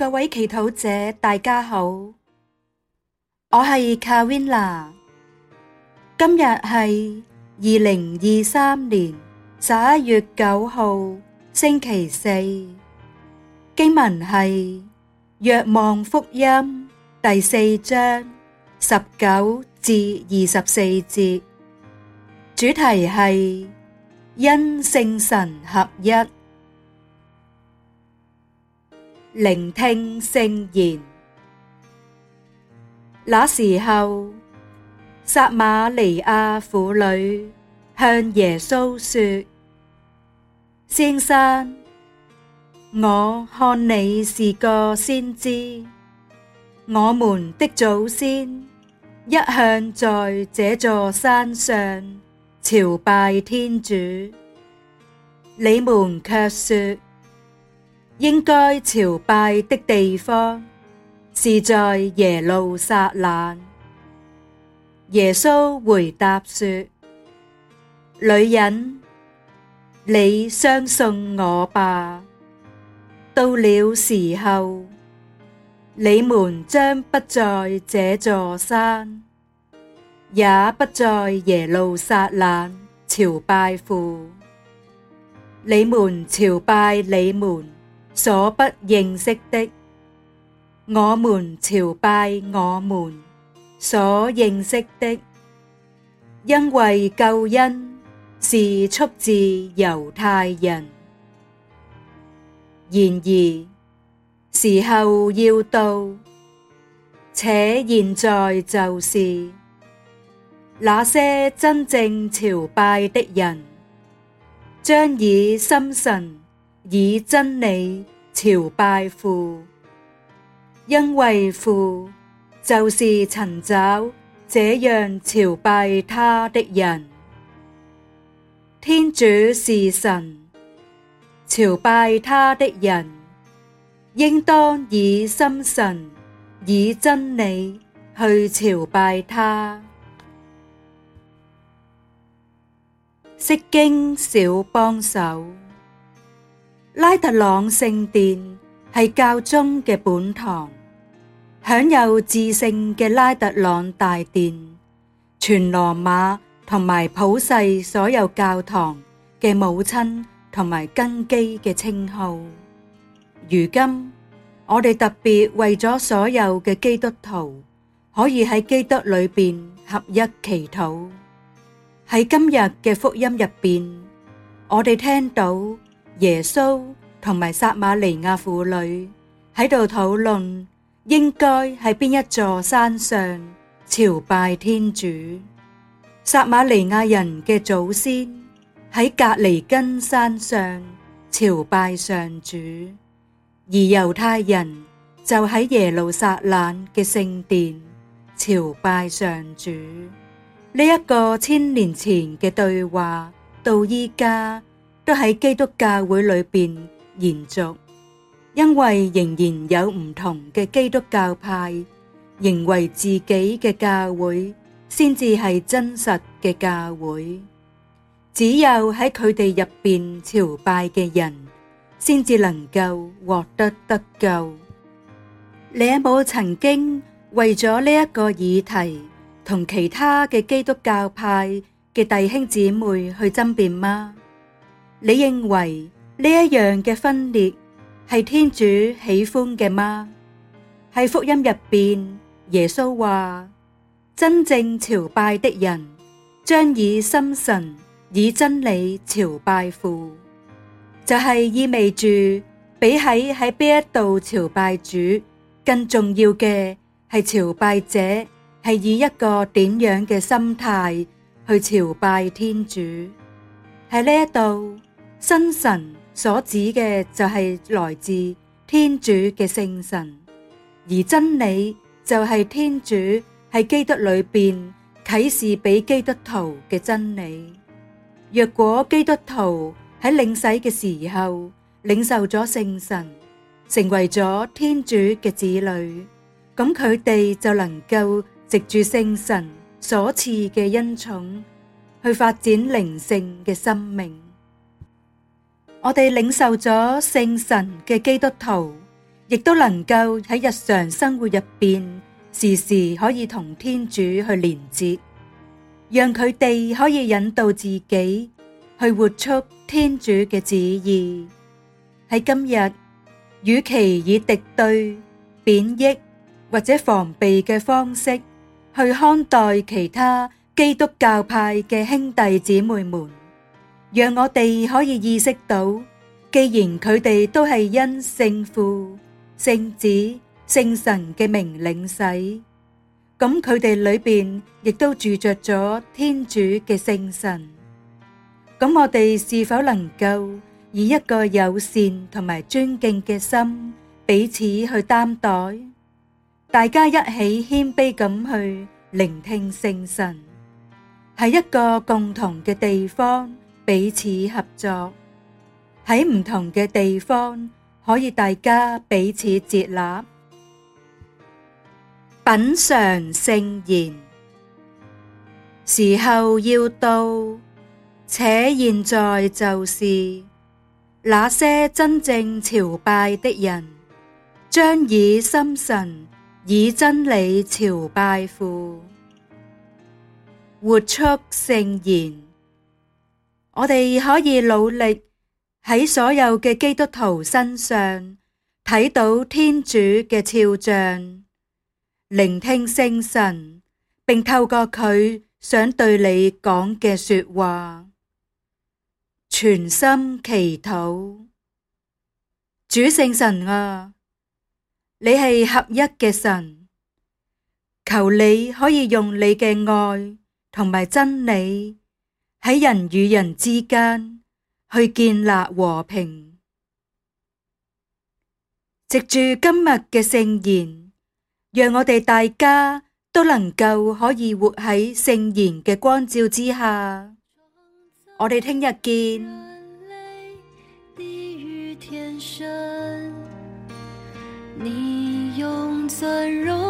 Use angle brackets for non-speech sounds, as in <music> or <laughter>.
各位祈禱者，大家好，我係 Carina，今日係二零二三年十一月九號星期四，經文係《若望福音》第四章十九至二十四節，主題係因聖神合一。聆聽聖言。那時候，撒瑪黎雅婦女向耶穌說：「先生，我看你是個先知，我們的祖先一向在這座山上朝拜天主，你們却說。應該朝拜的地方是在耶路撒冷。耶穌回答說：女人，你相信我吧。到了時候，你們將不在這座山，也不在耶路撒冷朝拜父。你們朝拜你們，所不認識的，我們朝拜我們所認識的，因為救恩是出自猶太人。然而時候要到，且現在就是那些真正朝拜的人，將以心神。以真理朝拜父，因為父就是尋找這樣朝拜他的人。天主是神，朝拜他的人，應當以心神以真理去朝拜他。釋經小幫手。拉特朗聖殿係教宗嘅本堂，享有至聖嘅拉特朗大殿、全羅馬同埋普世所有教堂嘅母親同埋根基嘅稱號。如今我哋特別為咗所有嘅基督徒可以喺基督裏邊合一祈禱，喺今日嘅福音入邊，我哋聽到。耶穌同埋撒瑪尼亞婦女喺度討論應該喺邊一座山上朝拜天主。撒瑪黎雅人嘅祖先喺革黎斤山上朝拜上主，而猶太人就喺耶路撒冷嘅聖殿朝拜上主。呢、這、一個千年前嘅對話到依家，都喺基督教會裏邊延續，因為仍然有唔同嘅基督教派，認為自己嘅教會先至係真實嘅教會。只有喺佢哋入邊朝拜嘅人，先至能夠獲得得救。你有冇曾經為咗呢一個議題，同其他嘅基督教派嘅弟兄姊妹去爭辯嗎？你認為呢一樣嘅分裂係天主喜歡嘅嗎？喺福音入邊，耶穌話：真正朝拜的人，將以心神以真理朝拜父。就係、是、意味住，比喺喺邊一度朝拜主更重要嘅係朝拜者，係以一個點樣嘅心態去朝拜天主。喺呢一度。心神所指嘅就係來自天主嘅聖神，而真理就係天主喺基督裏邊啟示俾基督徒嘅真理。若果基督徒喺領洗嘅時候領受咗聖神，成為咗天主嘅子女，咁佢哋就能夠藉住聖神所賜嘅恩寵，去發展靈性嘅生命。我哋領受咗聖神嘅基督徒，亦都能夠喺日常生活入邊，時時可以同天主去連接，讓佢哋可以引導自己去活出天主嘅旨意。喺今日，與其以敵對、貶抑或者防備嘅方式去看待其他基督教派嘅兄弟姐妹們。讓我哋可以意識到，既然佢哋都係因聖父、聖子、聖神嘅名領洗，咁佢哋裏邊亦都住着咗天主嘅聖神。咁我哋是否能夠以一個友善同埋尊敬嘅心彼此去擔待，大家一起謙卑咁去聆聽聖神，係一個共同嘅地方，彼此合作，喺唔同嘅地方可以大家彼此接納，品嚐聖言。時候要到，且現在就是那些真正朝拜的人，將以心神以真理朝拜父，活出聖言。我哋可以努力喺所有嘅基督徒身上睇到天主嘅肖像，聆聽聖神，並透過佢想對你講嘅說話，全心祈禱。主聖神啊，你係合一嘅神，求你可以用你嘅愛同埋真理。喺人與人之間去建立和平，藉住今日嘅聖言，讓我哋大家都能夠可以活喺聖言嘅光照之下。我哋聽日見。 <music>